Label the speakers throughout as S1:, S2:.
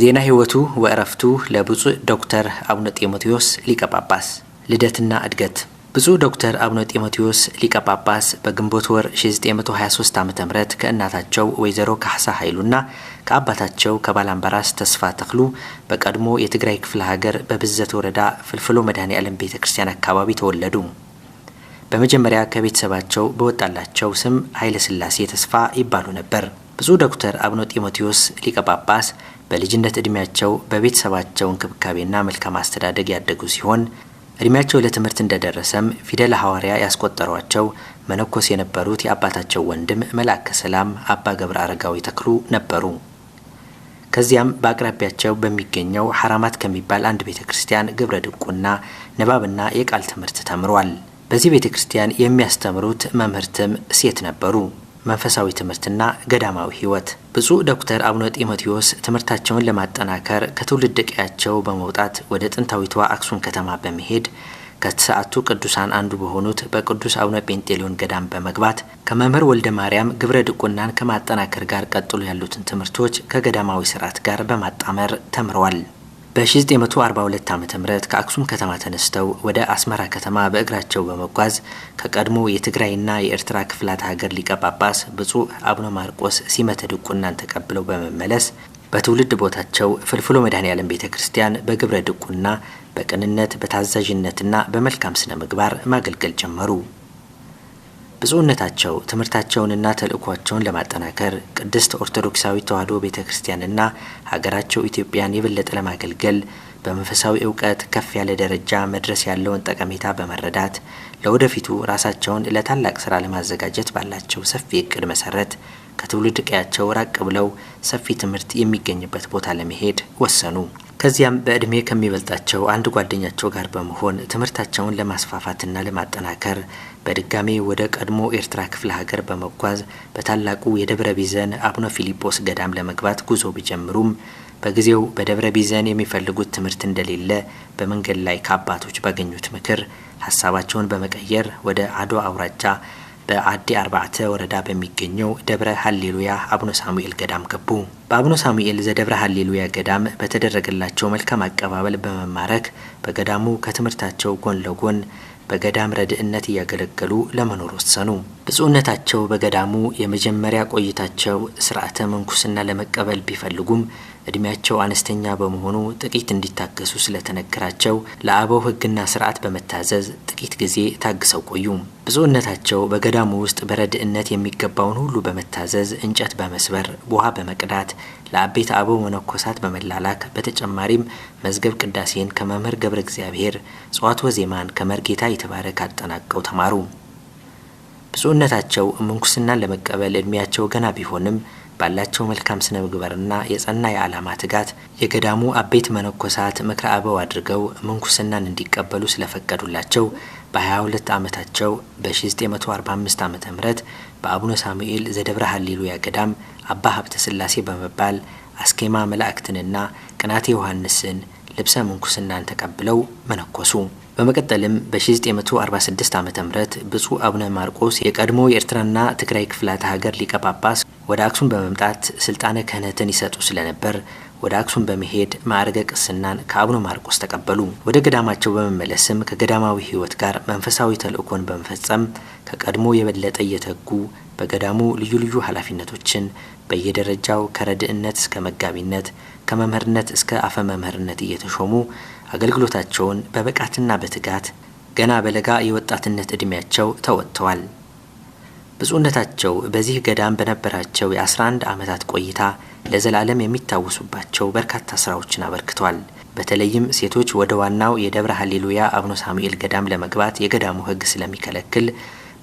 S1: ዜና ህይወቱ ወእረፍቱ ለብፁዕ ዶክተር አቡነ ጢሞቴዎስ ሊቀ ጳጳስ ልደትና እድገት ብፁዕ ዶክተር አቡነ ጢሞቴዎስ ሊቀ ጳጳስ በግንቦት ወር 1923 ዓ ም ከእናታቸው ወይዘሮ ካሕሳ ኃይሉና ከአባታቸው ከባላምባራስ ተስፋ ተክሉ በቀድሞ የትግራይ ክፍለ ሀገር በብዘት ወረዳ ፍልፍሎ መድኃኔ ዓለም ቤተ ክርስቲያን አካባቢ ተወለዱ። በመጀመሪያ ከቤተሰባቸው በወጣላቸው ስም ኃይለ ተስፋ ይባሉ ነበር። ብፁዕ ዶክተር አቡነ ጢሞቴዎስ ሊቀ ጳጳስ በልጅነት ዕድሜያቸው በቤተሰባቸው እንክብካቤና መልካም አስተዳደግ ያደጉ ሲሆን ዕድሜያቸው ለትምህርት እንደደረሰም ፊደለ ሐዋርያ ያስቆጠሯቸው መነኮስ የነበሩት የአባታቸው ወንድም መልአከ ሰላም አባ ገብረ አረጋዊ ተክሉ ነበሩ። ከዚያም በአቅራቢያቸው በሚገኘው ሐራማት ከሚባል አንድ ቤተ ክርስቲያን ግብረ ድቁና ንባብና የቃል ትምህርት ተምሯል። በዚህ ቤተ ክርስቲያን የሚያስተምሩት መምህርትም ሴት ነበሩ። መንፈሳዊ ትምህርትና ገዳማዊ ህይወት ብፁዕ ዶክተር አቡነ ጢሞቴዎስ ትምህርታቸውን ለማጠናከር ከትውልድ ቀያቸው በመውጣት ወደ ጥንታዊቷ አክሱም ከተማ በመሄድ ከሰዓቱ ቅዱሳን አንዱ በሆኑት በቅዱስ አቡነ ጴንጤሊዮን ገዳም በመግባት ከመምህር ወልደ ማርያም ግብረ ድቁናን ከማጠናከር ጋር ቀጥሎ ያሉትን ትምህርቶች ከገዳማዊ ስርዓት ጋር በማጣመር ተምረዋል። በ1942 ም ከአክሱም ከተማ ተነስተው ወደ አስመራ ከተማ በእግራቸው በመጓዝ ከቀድሞ የትግራይና የኤርትራ ክፍላት ሀገር ሊቀጳጳስ ጳጳስ ብፁዕ አቡነ ማርቆስ ሲመተ ድቁናን ተቀብለው በመመለስ በትውልድ ቦታቸው ፍልፍሎ መድኃኔ ዓለም ቤተ ክርስቲያን በግብረ ድቁና በቅንነት በታዛዥነትና በመልካም ስነ ምግባር ማገልገል ጀመሩ። ብፁዕነታቸው ትምህርታቸውንና ተልእኳቸውን ለማጠናከር ቅድስት ኦርቶዶክሳዊ ተዋሕዶ ቤተ ክርስቲያንና ሀገራቸው ኢትዮጵያን የበለጠ ለማገልገል በመንፈሳዊ እውቀት ከፍ ያለ ደረጃ መድረስ ያለውን ጠቀሜታ በመረዳት ለወደፊቱ ራሳቸውን ለታላቅ ስራ ለማዘጋጀት ባላቸው ሰፊ እቅድ መሰረት ከትውልድ ቀያቸው ራቅ ብለው ሰፊ ትምህርት የሚገኝበት ቦታ ለመሄድ ወሰኑ። ከዚያም በዕድሜ ከሚበልጣቸው አንድ ጓደኛቸው ጋር በመሆን ትምህርታቸውን ለማስፋፋትና ለማጠናከር በድጋሜ ወደ ቀድሞ ኤርትራ ክፍለ ሀገር በመጓዝ በታላቁ የደብረ ቢዘን አቡነ ፊሊጶስ ገዳም ለመግባት ጉዞ ቢጀምሩም በጊዜው በደብረ ቢዘን የሚፈልጉት ትምህርት እንደሌለ በመንገድ ላይ ከአባቶች ባገኙት ምክር ሀሳባቸውን በመቀየር ወደ አድዋ አውራጃ በአዲ አርባዕተ ወረዳ በሚገኘው ደብረ ሀሌሉያ አቡነ ሳሙኤል ገዳም ገቡ። በአቡነ ሳሙኤል ዘደብረ ሀሌሉያ ገዳም በተደረገላቸው መልካም አቀባበል በመማረክ በገዳሙ ከትምህርታቸው ጎን ለጎን በገዳም ረድእነት እያገለገሉ ለመኖር ወሰኑ። ብፁዕነታቸው በገዳሙ የመጀመሪያ ቆይታቸው ስርዓተ ምንኩስና ለመቀበል ቢፈልጉም እድሜያቸው አነስተኛ በመሆኑ ጥቂት እንዲታገሱ ስለተነገራቸው ለአበው ሕግና ስርዓት በመታዘዝ ጥቂት ጊዜ ታግሰው ቆዩ። ብፁዕነታቸው በገዳሙ ውስጥ በረድእነት የሚገባውን ሁሉ በመታዘዝ እንጨት በመስበር ውሃ በመቅዳት ለአቤት አበው መነኮሳት በመላላክ በተጨማሪም መዝገብ ቅዳሴን ከመምህር ገብረ እግዚአብሔር ጽዋትወ ዜማን ከመርጌታ የተባረክ አጠናቀው ተማሩ። ብፁዕነታቸው ምንኩስናን ለመቀበል እድሜያቸው ገና ቢሆንም ባላቸው መልካም ስነ ምግባርና የጸና የዓላማ ትጋት የገዳሙ አቤት መነኮሳት ምክረ አበው አድርገው ምንኩስናን እንዲቀበሉ ስለፈቀዱላቸው በ22 ዓመታቸው በ1945 ዓ ም በአቡነ ሳሙኤል ዘደብረ ሀሌሉያ ገዳም አባ ሀብተ ስላሴ በመባል አስኬማ መላእክትንና ቅናቴ ዮሐንስን ልብሰ ምንኩስናን ተቀብለው መነኮሱ። በመቀጠልም በ1946 ዓ ም ብፁዕ አቡነ ማርቆስ የቀድሞ የኤርትራና ትግራይ ክፍላተ ሀገር ሊቀ ጳጳስ ወደ አክሱም በመምጣት ስልጣነ ክህነትን ይሰጡ ስለነበር ወደ አክሱም በመሄድ ማዕረገ ቅስናን ከአቡነ ማርቆስ ተቀበሉ። ወደ ገዳማቸው በመመለስም ከገዳማዊ ሕይወት ጋር መንፈሳዊ ተልእኮን በመፈጸም ከቀድሞ የበለጠ እየተጉ በገዳሙ ልዩ ልዩ ኃላፊነቶችን በየደረጃው ከረድእነት እስከ መጋቢነት ከመምህርነት እስከ አፈ መምህርነት እየተሾሙ አገልግሎታቸውን በብቃትና በትጋት ገና በለጋ የወጣትነት ዕድሜያቸው ተወጥተዋል። ብፁዕነታቸው በዚህ ገዳም በነበራቸው የ11 ዓመታት ቆይታ ለዘላለም የሚታወሱባቸው በርካታ ሥራዎችን አበርክተዋል። በተለይም ሴቶች ወደ ዋናው የደብረ ሀሌሉያ አቡነ ሳሙኤል ገዳም ለመግባት የገዳሙ ሕግ ስለሚከለክል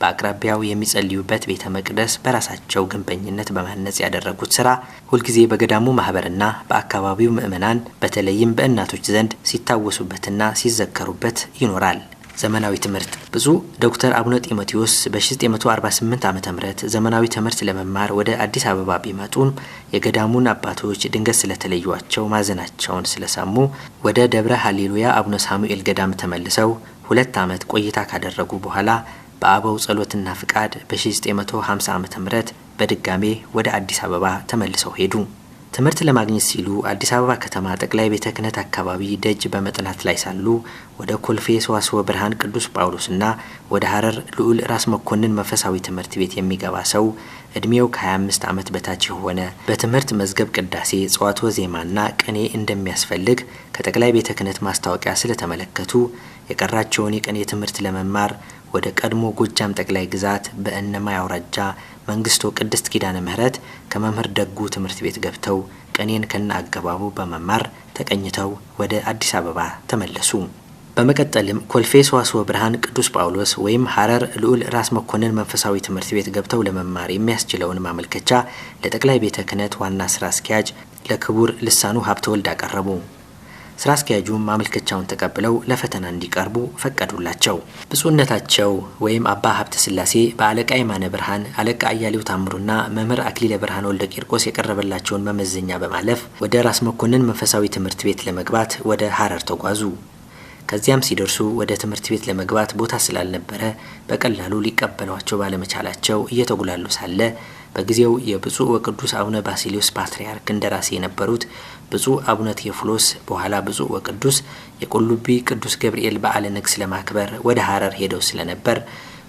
S1: በአቅራቢያው የሚጸልዩበት ቤተ መቅደስ በራሳቸው ግንበኝነት በማነጽ ያደረጉት ስራ ሁልጊዜ በገዳሙ ማህበርና በአካባቢው ምዕመናን በተለይም በእናቶች ዘንድ ሲታወሱበትና ሲዘከሩበት ይኖራል። ዘመናዊ ትምህርት ብዙ ዶክተር አቡነ ጢሞቴዎስ በ1948 ዓ ም ዘመናዊ ትምህርት ለመማር ወደ አዲስ አበባ ቢመጡም የገዳሙን አባቶች ድንገት ስለተለዩቸው ማዘናቸውን ስለሰሙ ወደ ደብረ ሃሌሉያ አቡነ ሳሙኤል ገዳም ተመልሰው ሁለት ዓመት ቆይታ ካደረጉ በኋላ በአበው ጸሎትና ፍቃድ በ1950 ዓ ም በድጋሜ ወደ አዲስ አበባ ተመልሰው ሄዱ። ትምህርት ለማግኘት ሲሉ አዲስ አበባ ከተማ ጠቅላይ ቤተ ክህነት አካባቢ ደጅ በመጥናት ላይ ሳሉ ወደ ኮልፌ ሰዋስወ ብርሃን ቅዱስ ጳውሎስና ወደ ሐረር ልዑል ራስ መኮንን መንፈሳዊ ትምህርት ቤት የሚገባ ሰው እድሜው ከ25 ዓመት በታች የሆነ በትምህርት መዝገብ ቅዳሴ፣ ጽዋቶ ዜማና ቅኔ እንደሚያስፈልግ ከጠቅላይ ቤተ ክህነት ማስታወቂያ ስለተመለከቱ የቀራቸውን የቅኔ ትምህርት ለመማር ወደ ቀድሞ ጎጃም ጠቅላይ ግዛት በእነማይ አውራጃ መንግስቶ ቅድስት ኪዳነ ምህረት ከመምህር ደጉ ትምህርት ቤት ገብተው ቅኔን ከነ አገባቡ በመማር ተቀኝተው ወደ አዲስ አበባ ተመለሱ። በመቀጠልም ኮልፌ ሰዋስወ ብርሃን ቅዱስ ጳውሎስ ወይም ሐረር ልዑል ራስ መኮንን መንፈሳዊ ትምህርት ቤት ገብተው ለመማር የሚያስችለውን ማመልከቻ ለጠቅላይ ቤተ ክህነት ዋና ስራ አስኪያጅ ለክቡር ልሳኑ ሀብተ ወልድ አቀረቡ። ስራ አስኪያጁም ማመልከቻውን ተቀብለው ለፈተና እንዲቀርቡ ፈቀዱላቸው። ብፁዕነታቸው ወይም አባ ሀብተ ስላሴ በአለቃ የማነ ብርሃን፣ አለቃ አያሌው ታምሩና መምህር አክሊለ ብርሃን ወልደ ቂርቆስ የቀረበላቸውን መመዘኛ በማለፍ ወደ ራስ መኮንን መንፈሳዊ ትምህርት ቤት ለመግባት ወደ ሐረር ተጓዙ። ከዚያም ሲደርሱ ወደ ትምህርት ቤት ለመግባት ቦታ ስላልነበረ በቀላሉ ሊቀበሏቸው ባለመቻላቸው እየተጉላሉ ሳለ በጊዜው የብፁዕ ወቅዱስ አቡነ ባሲሊዮስ ፓትርያርክ እንደራሴ የነበሩት ብፁዕ አቡነ ቴዎፍሎስ በኋላ ብፁዕ ወቅዱስ የቁልቢ ቅዱስ ገብርኤል በዓለ ንግሥ ለማክበር ወደ ሀረር ሄደው ስለነበር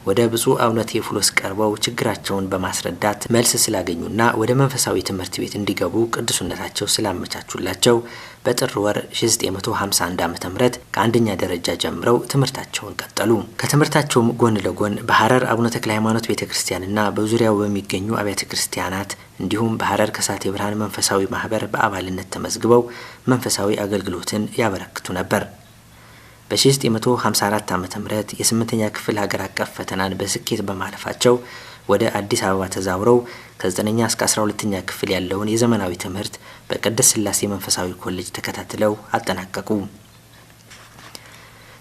S1: ወደ ብፁዕ አቡነ ቴዎፍሎስ ቀርበው ችግራቸውን በማስረዳት መልስ ስላገኙና ወደ መንፈሳዊ ትምህርት ቤት እንዲገቡ ቅዱስነታቸው ስላመቻቹላቸው በጥር ወር 1951 ዓ ም ከአንደኛ ደረጃ ጀምረው ትምህርታቸውን ቀጠሉ። ከትምህርታቸውም ጎን ለጎን በሐረር አቡነ ተክለ ሃይማኖት ቤተ ክርስቲያንና በዙሪያው በሚገኙ አብያተ ክርስቲያናት እንዲሁም በሐረር ከሳቴ ብርሃን መንፈሳዊ ማህበር በአባልነት ተመዝግበው መንፈሳዊ አገልግሎትን ያበረክቱ ነበር። በ1954 ዓ ም የስምንተኛ ክፍል ሀገር አቀፍ ፈተናን በስኬት በማለፋቸው ወደ አዲስ አበባ ተዛውረው ከ9ኛ እስከ 12ኛ ክፍል ያለውን የዘመናዊ ትምህርት በቅድስት ስላሴ መንፈሳዊ ኮሌጅ ተከታትለው አጠናቀቁ።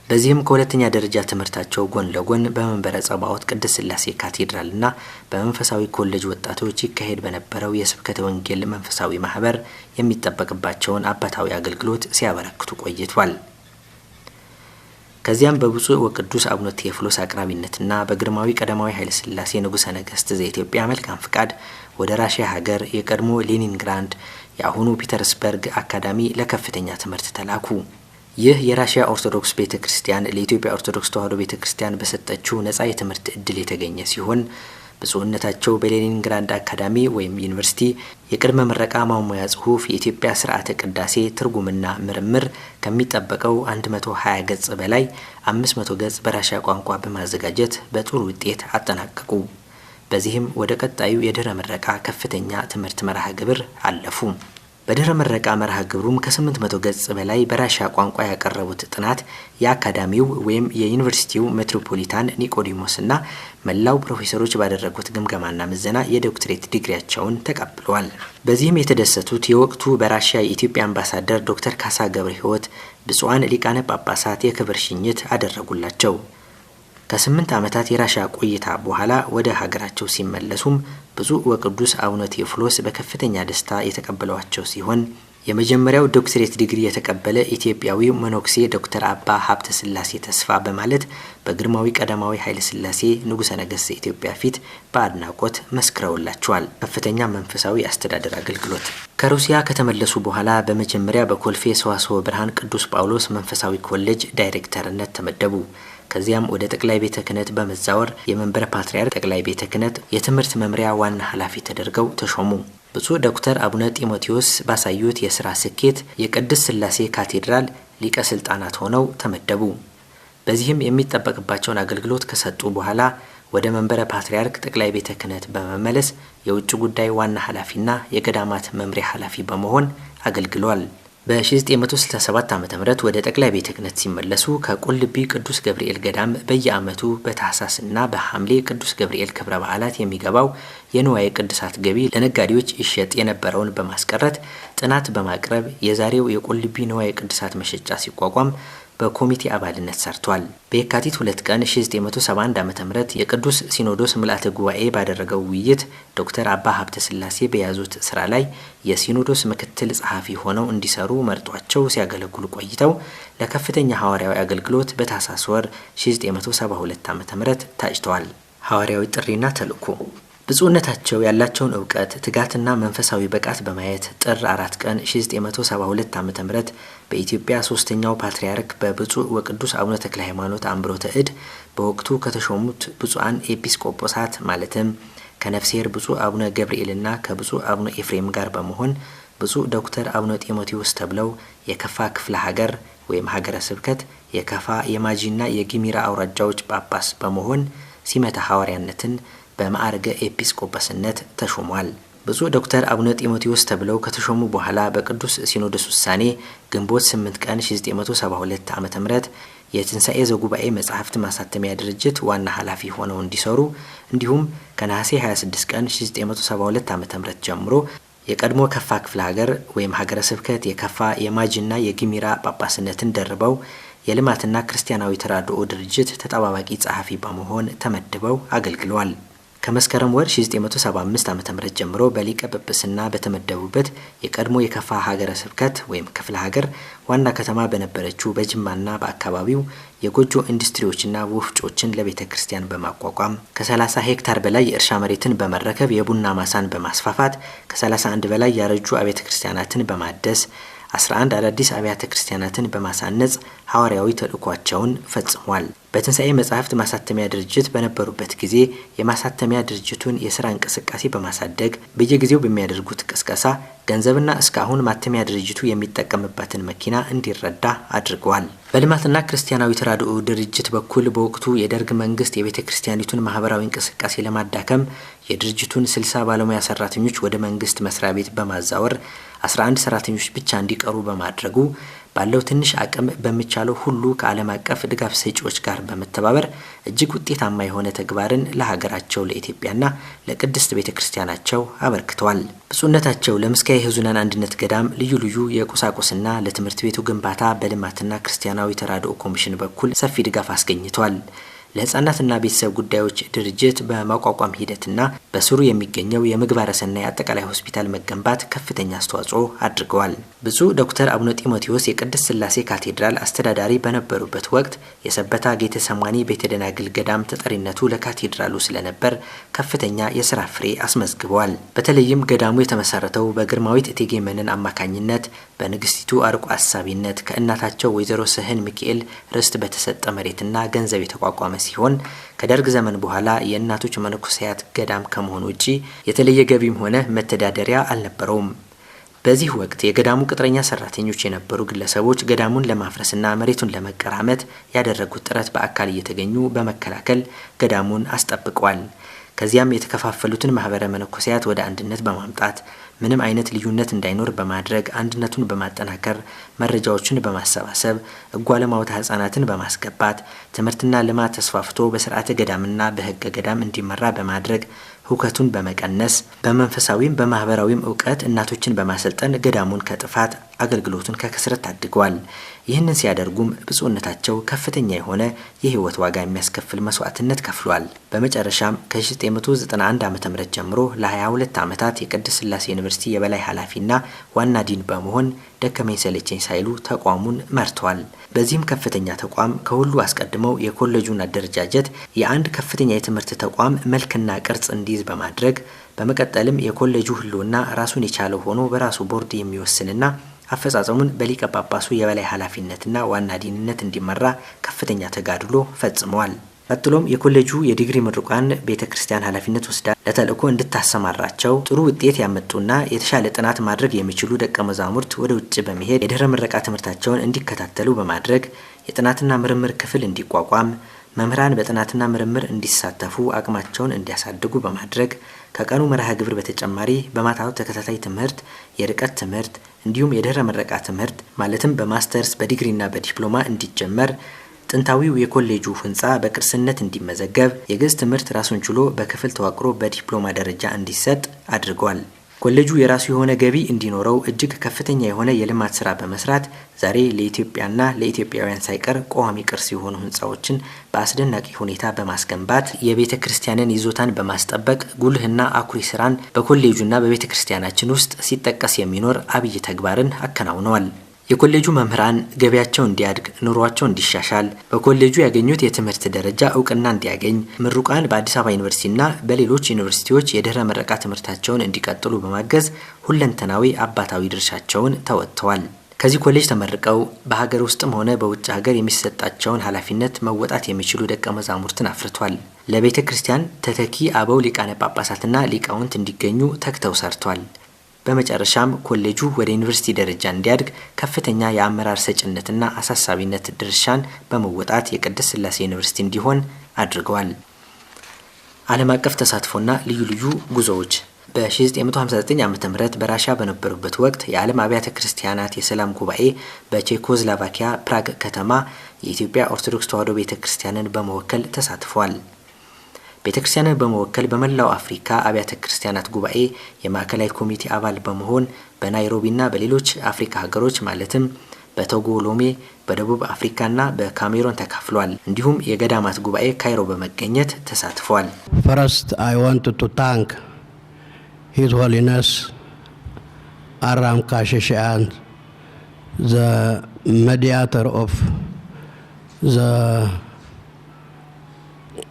S1: በዚህም ከሁለተኛ ደረጃ ትምህርታቸው ጎን ለጎን በመንበረ ጸባዖት ቅድስት ካቴድራል ካቴድራልና በመንፈሳዊ ኮሌጅ ወጣቶች ይካሄድ በነበረው የስብከተ ወንጌል መንፈሳዊ ማህበር የሚጠበቅባቸውን አባታዊ አገልግሎት ሲያበረክቱ ቆይቷል። ከዚያም በብፁዕ ወቅዱስ አቡነ ቴዎፍሎስ አቅራቢነትና በግርማዊ ቀዳማዊ ኃይለሥላሴ ንጉሠ ነገሥት ዘኢትዮጵያ መልካም ፍቃድ ወደ ራሽያ ሀገር የቀድሞ ሌኒንግራንድ የአሁኑ ፒተርስበርግ አካዳሚ ለከፍተኛ ትምህርት ተላኩ። ይህ የራሽያ ኦርቶዶክስ ቤተ ክርስቲያን ለኢትዮጵያ ኦርቶዶክስ ተዋሕዶ ቤተ ክርስቲያን በሰጠችው ነጻ የትምህርት ዕድል የተገኘ ሲሆን ብፁዕነታቸው በሌኒንግራድ አካዳሚ ወይም ዩኒቨርሲቲ የቅድመ ምረቃ ማሙያ ጽሑፍ የኢትዮጵያ ስርዓተ ቅዳሴ ትርጉምና ምርምር ከሚጠበቀው 120 ገጽ በላይ 500 ገጽ በራሻ ቋንቋ በማዘጋጀት በጥሩ ውጤት አጠናቀቁ። በዚህም ወደ ቀጣዩ የድህረ ምረቃ ከፍተኛ ትምህርት መርሃ ግብር አለፉ። በድህረ ምረቃ መርሃ ግብሩም ከ800 ገጽ በላይ በራሽያ ቋንቋ ያቀረቡት ጥናት የአካዳሚው ወይም የዩኒቨርሲቲው ሜትሮፖሊታን ኒቆዲሞስ እና መላው ፕሮፌሰሮች ባደረጉት ግምገማና ምዘና የዶክትሬት ዲግሪያቸውን ተቀብለዋል። በዚህም የተደሰቱት የወቅቱ በራሽያ የኢትዮጵያ አምባሳደር ዶክተር ካሳ ገብረ ሕይወት ብፁዓን ሊቃነ ጳጳሳት የክብር ሽኝት አደረጉላቸው። ከስምንት ዓመታት የራሻ ቆይታ በኋላ ወደ ሀገራቸው ሲመለሱም ብፁዕ ወቅዱስ አቡነ ቴዎፍሎስ በከፍተኛ ደስታ የተቀበሏቸው ሲሆን የመጀመሪያው ዶክትሬት ዲግሪ የተቀበለ ኢትዮጵያዊ መኖክሴ ዶክተር አባ ሀብተ ስላሴ ተስፋ በማለት በግርማዊ ቀዳማዊ ኃይለ ስላሴ ንጉሠ ነገሥት ኢትዮጵያ ፊት በአድናቆት መስክረውላቸዋል። ከፍተኛ መንፈሳዊ አስተዳደር አገልግሎት ከሩሲያ ከተመለሱ በኋላ በመጀመሪያ በኮልፌ ሰዋስወ ብርሃን ቅዱስ ጳውሎስ መንፈሳዊ ኮሌጅ ዳይሬክተርነት ተመደቡ። ከዚያም ወደ ጠቅላይ ቤተ ክህነት በመዛወር የመንበረ ፓትርያርክ ጠቅላይ ቤተ ክህነት የትምህርት መምሪያ ዋና ኃላፊ ተደርገው ተሾሙ። ብፁዕ ዶክተር አቡነ ጢሞቴዎስ ባሳዩት የሥራ ስኬት የቅድስት ሥላሴ ካቴድራል ሊቀ ሥልጣናት ሆነው ተመደቡ። በዚህም የሚጠበቅባቸውን አገልግሎት ከሰጡ በኋላ ወደ መንበረ ፓትርያርክ ጠቅላይ ቤተ ክህነት በመመለስ የውጭ ጉዳይ ዋና ኃላፊና የገዳማት መምሪያ ኃላፊ በመሆን አገልግሏል። በ1967 ዓ ም ወደ ጠቅላይ ቤተ ክህነት ሲመለሱ ከቁልቢ ቅዱስ ገብርኤል ገዳም በየዓመቱ በታህሳስና በሐምሌ ቅዱስ ገብርኤል ክብረ በዓላት የሚገባው የንዋየ ቅድሳት ገቢ ለነጋዴዎች ይሸጥ የነበረውን በማስቀረት ጥናት በማቅረብ የዛሬው የቁልቢ ንዋየ ቅድሳት መሸጫ ሲቋቋም በኮሚቴ አባልነት ሰርቷል። በየካቲት ሁለት ቀን 1971 ዓ ም የቅዱስ ሲኖዶስ ምልአተ ጉባኤ ባደረገው ውይይት ዶክተር አባ ሀብተ ስላሴ በያዙት ስራ ላይ የሲኖዶስ ምክትል ጸሐፊ ሆነው እንዲሰሩ መርጧቸው ሲያገለግሉ ቆይተው ለከፍተኛ ሐዋርያዊ አገልግሎት በታሳስ ወር 1972 ዓ ም ታጭተዋል። ሐዋርያዊ ጥሪና ተልእኮ ብፁዕነታቸው ያላቸውን እውቀት ትጋትና መንፈሳዊ ብቃት በማየት ጥር አራት ቀን 1972 ዓ ም በኢትዮጵያ ሶስተኛው ፓትርያርክ በብፁዕ ወቅዱስ አቡነ ተክለ ሃይማኖት አምብሮተ እድ በወቅቱ ከተሾሙት ብፁዓን ኤጲስቆጶሳት ማለትም ከነፍሴር ብፁዕ አቡነ ገብርኤልና ከብፁዕ አቡነ ኤፍሬም ጋር በመሆን ብፁዕ ዶክተር አቡነ ጢሞቴዎስ ተብለው የከፋ ክፍለ ሀገር ወይም ሀገረ ስብከት የከፋ የማጂና የጊሚራ አውራጃዎች ጳጳስ በመሆን ሲመተ ሐዋርያነትን በማዕርገ ኤጲስቆጶስነት ተሹሟል። ብፁዕ ዶክተር አቡነ ጢሞቴዎስ ተብለው ከተሾሙ በኋላ በቅዱስ ሲኖዶስ ውሳኔ ግንቦት 8 ቀን 1972 ዓ ም የትንሣኤ ዘጉባኤ መጻሕፍት ማሳተሚያ ድርጅት ዋና ኃላፊ ሆነው እንዲሰሩ እንዲሁም ከነሐሴ 26 ቀን 1972 ዓ ም ጀምሮ የቀድሞ ከፋ ክፍለ ሀገር ወይም ሀገረ ስብከት የከፋ የማጅና የጊሚራ ጳጳስነትን ደርበው የልማትና ክርስቲያናዊ ተራድኦ ድርጅት ተጠባባቂ ጸሐፊ በመሆን ተመድበው አገልግለዋል። ከመስከረም ወር 1975 ዓ ም ጀምሮ በሊቀ ጵጵስና በተመደቡበት የቀድሞ የከፋ ሀገረ ስብከት ወይም ክፍለ ሀገር ዋና ከተማ በነበረችው በጅማና በአካባቢው የጎጆ ኢንዱስትሪዎችና ወፍጮችን ለቤተ ክርስቲያን በማቋቋም ከ30 ሄክታር በላይ የእርሻ መሬትን በመረከብ የቡና ማሳን በማስፋፋት ከ31 በላይ ያረጁ አቤተክርስቲያናትን ክርስቲያናትን በማደስ 11 አዳዲስ አብያተ ክርስቲያናትን በማሳነጽ ሐዋርያዊ ተልእኳቸውን ፈጽሟል። በትንሣኤ መጻሕፍት ማሳተሚያ ድርጅት በነበሩበት ጊዜ የማሳተሚያ ድርጅቱን የሥራ እንቅስቃሴ በማሳደግ በየጊዜው በሚያደርጉት ቅስቀሳ ገንዘብና እስካሁን ማተሚያ ድርጅቱ የሚጠቀምበትን መኪና እንዲረዳ አድርገዋል። በልማትና ክርስቲያናዊ ተራድኦ ድርጅት በኩል በወቅቱ የደርግ መንግስት የቤተ ክርስቲያኒቱን ማህበራዊ እንቅስቃሴ ለማዳከም የድርጅቱን ስልሳ ባለሙያ ሰራተኞች ወደ መንግስት መስሪያ ቤት በማዛወር 11 ሰራተኞች ብቻ እንዲቀሩ በማድረጉ ባለው ትንሽ አቅም በሚቻለው ሁሉ ከዓለም አቀፍ ድጋፍ ሰጪዎች ጋር በመተባበር እጅግ ውጤታማ የሆነ ተግባርን ለሀገራቸው ለኢትዮጵያና ለቅድስት ቤተ ክርስቲያናቸው አበርክተዋል። ብፁዕነታቸው ለምስካየ ሕዙናን አንድነት ገዳም ልዩ ልዩ የቁሳቁስና ለትምህርት ቤቱ ግንባታ በልማትና ክርስቲያናዊ ተራድኦ ኮሚሽን በኩል ሰፊ ድጋፍ አስገኝቷል። ለህጻናትና ቤተሰብ ጉዳዮች ድርጅት በማቋቋም ሂደትና በስሩ የሚገኘው የምግባረ ሰናይ አጠቃላይ ሆስፒታል መገንባት ከፍተኛ አስተዋጽኦ አድርገዋል። ብፁዕ ዶክተር አቡነ ጢሞቴዎስ የቅድስት ስላሴ ካቴድራል አስተዳዳሪ በነበሩበት ወቅት የሰበታ ጌተ ሰማኒ ቤተ ደናግል ገዳም ተጠሪነቱ ለካቴድራሉ ስለነበር ከፍተኛ የስራ ፍሬ አስመዝግበዋል። በተለይም ገዳሙ የተመሰረተው በግርማዊት እቴጌ መነን አማካኝነት በንግስቲቱ አርቆ አሳቢነት ከእናታቸው ወይዘሮ ስህን ሚካኤል ርስት በተሰጠ መሬትና ገንዘብ የተቋቋመ ሲሆን ከደርግ ዘመን በኋላ የእናቶች መነኮሳያት ገዳም ከመሆን ውጪ የተለየ ገቢም ሆነ መተዳደሪያ አልነበረውም። በዚህ ወቅት የገዳሙ ቅጥረኛ ሰራተኞች የነበሩ ግለሰቦች ገዳሙን ለማፍረስና መሬቱን ለመቀራመት ያደረጉት ጥረት በአካል እየተገኙ በመከላከል ገዳሙን አስጠብቀዋል። ከዚያም የተከፋፈሉትን ማህበረ መነኮሳያት ወደ አንድነት በማምጣት ምንም አይነት ልዩነት እንዳይኖር በማድረግ አንድነቱን በማጠናከር መረጃዎችን በማሰባሰብ ሕግ ህጻናትን በማስገባት ትምህርትና ልማት ተስፋፍቶ በስርዓተ ገዳምና በህገ ገዳም እንዲመራ በማድረግ ሁከቱን በመቀነስ በመንፈሳዊም በማህበራዊም እውቀት እናቶችን በማሰልጠን ገዳሙን ከጥፋት አገልግሎቱን ከክስረት ታድገዋል። ይህንን ሲያደርጉም ብፁዕነታቸው ከፍተኛ የሆነ የህይወት ዋጋ የሚያስከፍል መስዋዕትነት ከፍሏል። በመጨረሻም ከ 991 ዓ ም ጀምሮ ለ22 ዓመታት የቅድስት ስላሴ ዩኒቨርሲቲ የበላይ ኃላፊና ዋና ዲን በመሆን ደከመኝ ሰለቸኝ ሳይሉ ተቋሙን መርተዋል። በዚህም ከፍተኛ ተቋም ከሁሉ አስቀድመው የኮሌጁን አደረጃጀት የአንድ ከፍተኛ የትምህርት ተቋም መልክና ቅርጽ እንዲይዝ በማድረግ በመቀጠልም የኮሌጁ ህልውና ራሱን የቻለው ሆኖ በራሱ ቦርድ የሚወስንና አፈጻጸሙን በሊቀ ጳጳሱ የበላይ ኃላፊነትና ዋና ዲንነት እንዲመራ ከፍተኛ ተጋድሎ ፈጽመዋል። ቀጥሎም የኮሌጁ የዲግሪ ምሩቃን ቤተ ክርስቲያን ኃላፊነት ወስዳ ለተልእኮ እንድታሰማራቸው ጥሩ ውጤት ያመጡና የተሻለ ጥናት ማድረግ የሚችሉ ደቀ መዛሙርት ወደ ውጭ በመሄድ የድህረ ምረቃ ትምህርታቸውን እንዲከታተሉ በማድረግ የጥናትና ምርምር ክፍል እንዲቋቋም መምህራን በጥናትና ምርምር እንዲሳተፉ አቅማቸውን እንዲያሳድጉ በማድረግ ከቀኑ መርሃ ግብር በተጨማሪ በማታው ተከታታይ ትምህርት፣ የርቀት ትምህርት እንዲሁም የድህረ ምረቃ ትምህርት ማለትም በማስተርስ በዲግሪና በዲፕሎማ እንዲጀመር ጥንታዊው የኮሌጁ ህንፃ በቅርስነት እንዲመዘገብ የግዕዝ ትምህርት ራሱን ችሎ በክፍል ተዋቅሮ በዲፕሎማ ደረጃ እንዲሰጥ አድርጓል። ኮሌጁ የራሱ የሆነ ገቢ እንዲኖረው እጅግ ከፍተኛ የሆነ የልማት ስራ በመስራት ዛሬ ለኢትዮጵያና ለኢትዮጵያውያን ሳይቀር ቋሚ ቅርስ የሆኑ ህንፃዎችን በአስደናቂ ሁኔታ በማስገንባት የቤተ ክርስቲያንን ይዞታን በማስጠበቅ ጉልህና አኩሪ ስራን በኮሌጁና በቤተ ክርስቲያናችን ውስጥ ሲጠቀስ የሚኖር አብይ ተግባርን አከናውነዋል። የኮሌጁ መምህራን ገቢያቸው እንዲያድግ፣ ኑሯቸው እንዲሻሻል፣ በኮሌጁ ያገኙት የትምህርት ደረጃ እውቅና እንዲያገኝ ምሩቃን በአዲስ አበባ ዩኒቨርሲቲና በሌሎች ዩኒቨርሲቲዎች የድህረ ምረቃ ትምህርታቸውን እንዲቀጥሉ በማገዝ ሁለንተናዊ አባታዊ ድርሻቸውን ተወጥተዋል። ከዚህ ኮሌጅ ተመርቀው በሀገር ውስጥም ሆነ በውጭ ሀገር የሚሰጣቸውን ኃላፊነት መወጣት የሚችሉ ደቀ መዛሙርትን አፍርቷል። ለቤተ ክርስቲያን ተተኪ አበው ሊቃነ ጳጳሳትና ሊቃውንት እንዲገኙ ተግተው ሰርቷል። በመጨረሻም ኮሌጁ ወደ ዩኒቨርሲቲ ደረጃ እንዲያድግ ከፍተኛ የአመራር ሰጭነትና አሳሳቢነት ድርሻን በመወጣት የቅድስት ስላሴ ዩኒቨርሲቲ እንዲሆን አድርገዋል። ዓለም አቀፍ ተሳትፎና ልዩ ልዩ ጉዞዎች በ1959 ዓ ም በራሻ በነበሩበት ወቅት የዓለም አብያተ ክርስቲያናት የሰላም ጉባኤ በቼኮዝላቫኪያ ፕራግ ከተማ የኢትዮጵያ ኦርቶዶክስ ተዋሕዶ ቤተ ክርስቲያንን በመወከል ተሳትፏል። ቤተ ክርስቲያንን በመወከል በመላው አፍሪካ አብያተ ክርስቲያናት ጉባኤ የማዕከላዊ ኮሚቴ አባል በመሆን በናይሮቢና በሌሎች አፍሪካ ሀገሮች ማለትም በቶጎ ሎሜ፣ በደቡብ አፍሪካና በካሜሮን ተካፍሏል። እንዲሁም የገዳማት ጉባኤ ካይሮ በመገኘት ተሳትፏል።
S2: ፈረስት አይ ዋንት ቱ ታንክ ሂዝ ሆሊነስ ዘ ሜዲያተር ኦፍ ዘ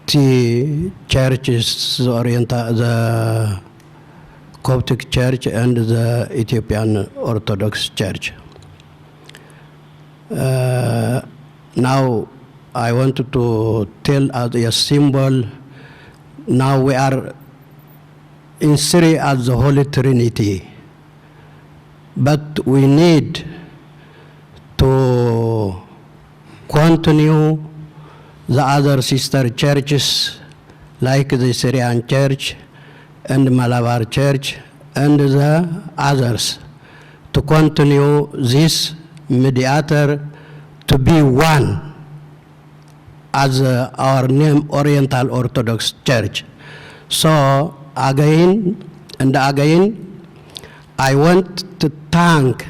S2: the churches oriental uh, the Coptic Church and the Ethiopian Orthodox Church. Uh, now I want to tell as a symbol. Now we are in Syria as the Holy Trinity, but we need to continue the other sister churches like the Syrian church and Malabar church and the others to continue this mediator to be one as uh, our name Oriental Orthodox Church. So again and again, I want to thank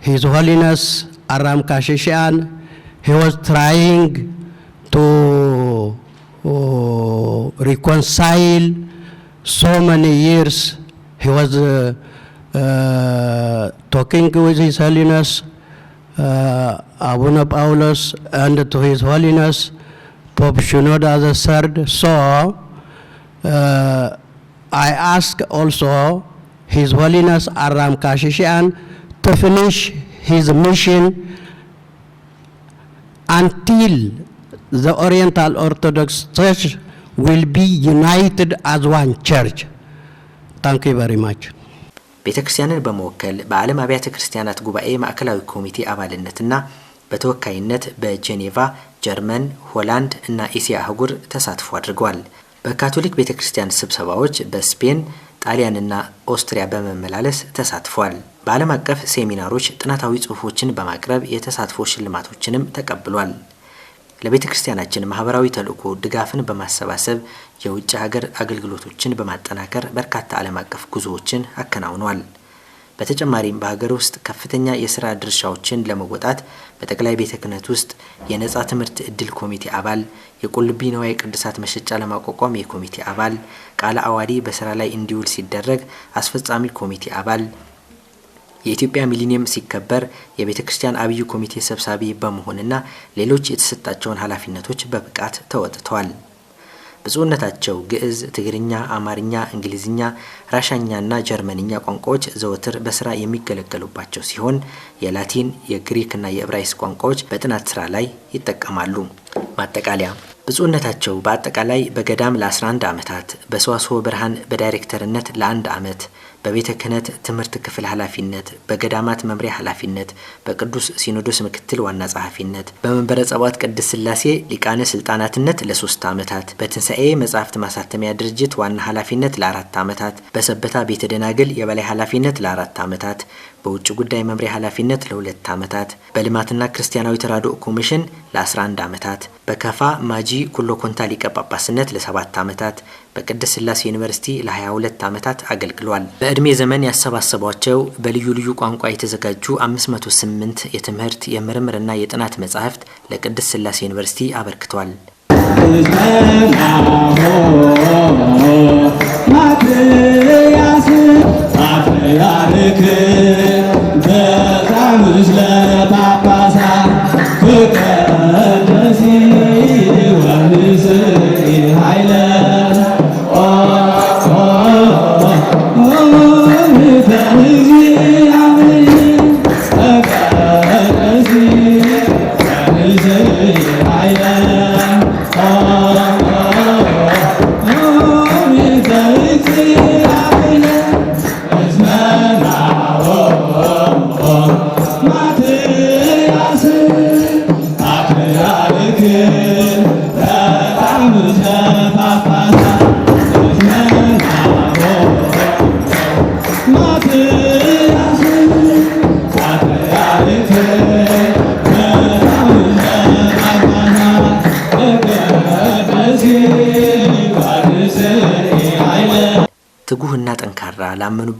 S2: His Holiness Aram Kashishian. He was trying to oh, reconcile so many years. He was uh, uh, talking with His Holiness uh, Abuna Paulus and to His Holiness Pope Shenouda III. So uh, I ask also His Holiness Aram Kashishian to finish his mission until the Oriental Orthodox Church will be united as one church. Thank you very much.
S1: ቤተ በመወከል በዓለም አብያተ ክርስቲያናት ጉባኤ ማዕከላዊ ኮሚቴ አባልነትና በተወካይነት በጄኔቫ፣ ጀርመን፣ ሆላንድ እና ኤስያ አህጉር ተሳትፎ አድርገዋል። በካቶሊክ ቤተ ክርስቲያን ስብሰባዎች በስፔን ጣሊያንና ኦስትሪያ በመመላለስ ተሳትፏል። በዓለም አቀፍ ሴሚናሮች ጥናታዊ ጽሑፎችን በማቅረብ የተሳትፎ ሽልማቶችንም ተቀብሏል። ለቤተ ክርስቲያናችን ማህበራዊ ተልእኮ ድጋፍን በማሰባሰብ የውጭ ሀገር አገልግሎቶችን በማጠናከር በርካታ ዓለም አቀፍ ጉዞዎችን አከናውኗል። በተጨማሪም በሀገር ውስጥ ከፍተኛ የስራ ድርሻዎችን ለመወጣት በጠቅላይ ቤተ ክህነት ውስጥ የነጻ ትምህርት እድል ኮሚቴ አባል፣ የቁልቢ ንዋየ ቅድሳት መሸጫ ለማቋቋም የኮሚቴ አባል፣ ቃለ አዋዲ በስራ ላይ እንዲውል ሲደረግ አስፈጻሚ ኮሚቴ አባል የኢትዮጵያ ሚሊኒየም ሲከበር የቤተ ክርስቲያን አብይ ኮሚቴ ሰብሳቢ በመሆንና ሌሎች የተሰጣቸውን ኃላፊነቶች በብቃት ተወጥተዋል። ብፁዕነታቸው ግዕዝ፣ ትግርኛ፣ አማርኛ፣ እንግሊዝኛ፣ ራሻኛና ጀርመንኛ ቋንቋዎች ዘወትር በስራ የሚገለገሉባቸው ሲሆን የላቲን የግሪክና የዕብራይስ ቋንቋዎች በጥናት ስራ ላይ ይጠቀማሉ። ማጠቃለያ ብፁዕነታቸው በአጠቃላይ በገዳም ለ11 ዓመታት፣ በሰዋስወ ብርሃን በዳይሬክተርነት ለአንድ ዓመት በቤተ ክህነት ትምህርት ክፍል ኃላፊነት፣ በገዳማት መምሪያ ኃላፊነት፣ በቅዱስ ሲኖዶስ ምክትል ዋና ጸሐፊነት፣ በመንበረ ጸባዖት ቅድስት ስላሴ ሊቃነ ስልጣናትነት ለሶስት ዓመታት፣ በትንሣኤ መጻሕፍት ማሳተሚያ ድርጅት ዋና ኃላፊነት ለአራት ዓመታት፣ በሰበታ ቤተ ደናግል የበላይ ኃላፊነት ለአራት ዓመታት፣ በውጭ ጉዳይ መምሪያ ኃላፊነት ለሁለት ዓመታት በልማትና ክርስቲያናዊ ተራድኦ ኮሚሽን ለ11 ዓመታት በከፋ ማጂ ኩሎ ኮንታ ሊቀ ጳጳስነት ለሰባት ዓመታት በቅድስት ስላሴ ዩኒቨርሲቲ ለ22 ዓመታት አገልግሏል። በዕድሜ ዘመን ያሰባሰቧቸው በልዩ ልዩ ቋንቋ የተዘጋጁ 508 የትምህርት የምርምርና የጥናት መጻሕፍት ለቅድስት ስላሴ ዩኒቨርሲቲ አበርክቷል። ፓትርያርክ ዘዛኑስ ለጳጳሳት ፍቀደሲ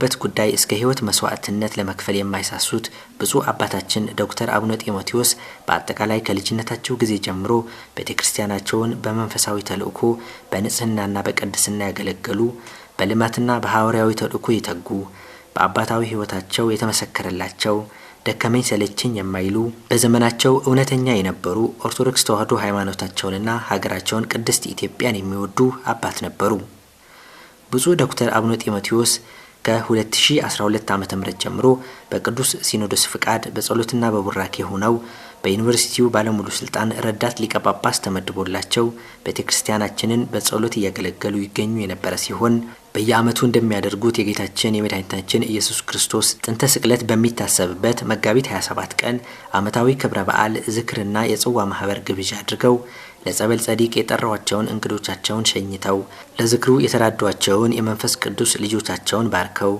S1: በሚኖሩበት ጉዳይ እስከ ህይወት መስዋዕትነት ለመክፈል የማይሳሱት ብፁዕ አባታችን ዶክተር አቡነ ጢሞቴዎስ በአጠቃላይ ከልጅነታቸው ጊዜ ጀምሮ ቤተ ክርስቲያናቸውን በመንፈሳዊ ተልእኮ በንጽህናና በቅድስና ያገለገሉ፣ በልማትና በሐዋርያዊ ተልእኮ የተጉ፣ በአባታዊ ህይወታቸው የተመሰከረላቸው ደከመኝ ሰለችኝ የማይሉ በዘመናቸው እውነተኛ የነበሩ ኦርቶዶክስ ተዋሕዶ ሃይማኖታቸውንና ሀገራቸውን ቅድስት ኢትዮጵያን የሚወዱ አባት ነበሩ። ብፁዕ ዶክተር አቡነ ጢሞቴዎስ ከ2012 ዓ ም ጀምሮ በቅዱስ ሲኖዶስ ፍቃድ በጸሎትና በቡራኬ ሆነው በዩኒቨርሲቲው ባለሙሉ ስልጣን ረዳት ሊቀጳጳስ ጳጳስ ተመድቦላቸው ቤተ ክርስቲያናችንን በጸሎት እያገለገሉ ይገኙ የነበረ ሲሆን በየዓመቱ እንደሚያደርጉት የጌታችን የመድኃኒታችን ኢየሱስ ክርስቶስ ጥንተ ስቅለት በሚታሰብበት መጋቢት 27 ቀን ዓመታዊ ክብረ በዓል ዝክርና የጽዋ ማህበር ግብዣ አድርገው ለጸበል ጸዲቅ የጠራዋቸውን እንግዶቻቸውን ሸኝተው ለዝክሩ የተራዷቸውን የመንፈስ ቅዱስ ልጆቻቸውን ባርከው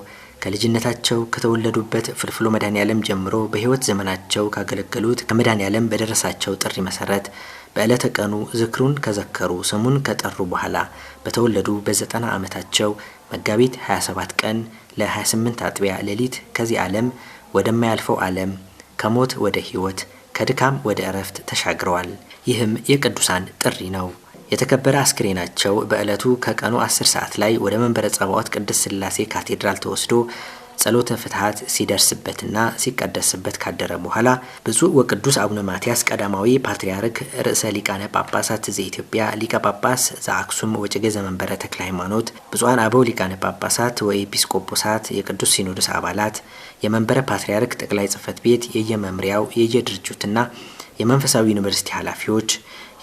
S1: ከልጅነታቸው ከተወለዱበት ፍልፍሎ መድኃኔ ዓለም ጀምሮ በሕይወት ዘመናቸው ካገለገሉት ከመድኃኔ ዓለም በደረሳቸው ጥሪ መሰረት በዕለተ ቀኑ ዝክሩን ከዘከሩ ስሙን ከጠሩ በኋላ በተወለዱ በዘጠና ዓመታቸው መጋቢት 27 ቀን ለ28 አጥቢያ ሌሊት ከዚህ ዓለም ወደማያልፈው ዓለም ከሞት ወደ ሕይወት ከድካም ወደ እረፍት ተሻግረዋል። ይህም የቅዱሳን ጥሪ ነው። የተከበረ አስክሬናቸው በዕለቱ ከቀኑ 10 ሰዓት ላይ ወደ መንበረ ጸባዖት ቅድስት ሥላሴ ካቴድራል ተወስዶ ጸሎተ ፍትሐት ሲደርስበትና ሲቀደስበት ካደረ በኋላ ብፁዕ ወቅዱስ አቡነ ማትያስ ቀዳማዊ ፓትርያርክ ርዕሰ ሊቃነ ጳጳሳት ዘኢትዮጵያ ሊቀ ጳጳስ ዘአክሱም ወዕጨጌ ዘመንበረ ተክለ ሃይማኖት፣ ብፁዓን አበው ሊቃነ ጳጳሳት ወኤጲስቆጶሳት፣ የቅዱስ ሲኖዶስ አባላት፣ የመንበረ ፓትርያርክ ጠቅላይ ጽህፈት ቤት የየመምሪያው የየድርጅቱና የመንፈሳዊ ዩኒቨርሲቲ ኃላፊዎች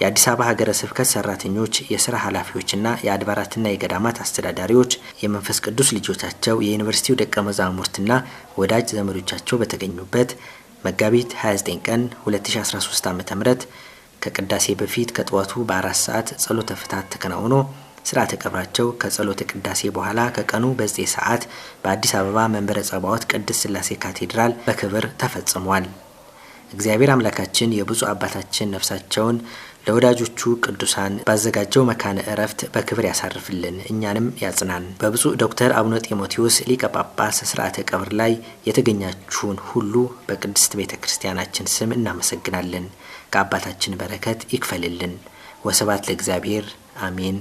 S1: የአዲስ አበባ ሀገረ ስብከት ሰራተኞች፣ የስራ ኃላፊዎችና የአድባራትና የገዳማት አስተዳዳሪዎች የመንፈስ ቅዱስ ልጆቻቸው የዩኒቨርሲቲው ደቀ መዛሙርትና ወዳጅ ዘመዶቻቸው በተገኙበት መጋቢት 29 ቀን 2013 ዓ ም ከቅዳሴ በፊት ከጠዋቱ በአራት ሰዓት ጸሎተ ፍታት ተከናውኖ ስርዓተ ቀብራቸው ከጸሎተ ቅዳሴ በኋላ ከቀኑ በ9 ሰዓት በአዲስ አበባ መንበረ ጸባዖት ቅድስት ሥላሴ ካቴድራል በክብር ተፈጽሟል። እግዚአብሔር አምላካችን የብፁዕ አባታችን ነፍሳቸውን ለወዳጆቹ ቅዱሳን ባዘጋጀው መካነ እረፍት በክብር ያሳርፍልን እኛንም ያጽናን። በብፁዕ ዶክተር አቡነ ጢሞቴዎስ ሊቀ ጳጳስ ስርዓተ ቀብር ላይ የተገኛችሁን ሁሉ በቅድስት ቤተ ክርስቲያናችን ስም እናመሰግናለን። ከአባታችን በረከት ይክፈልልን። ወስብሐት ለእግዚአብሔር አሜን።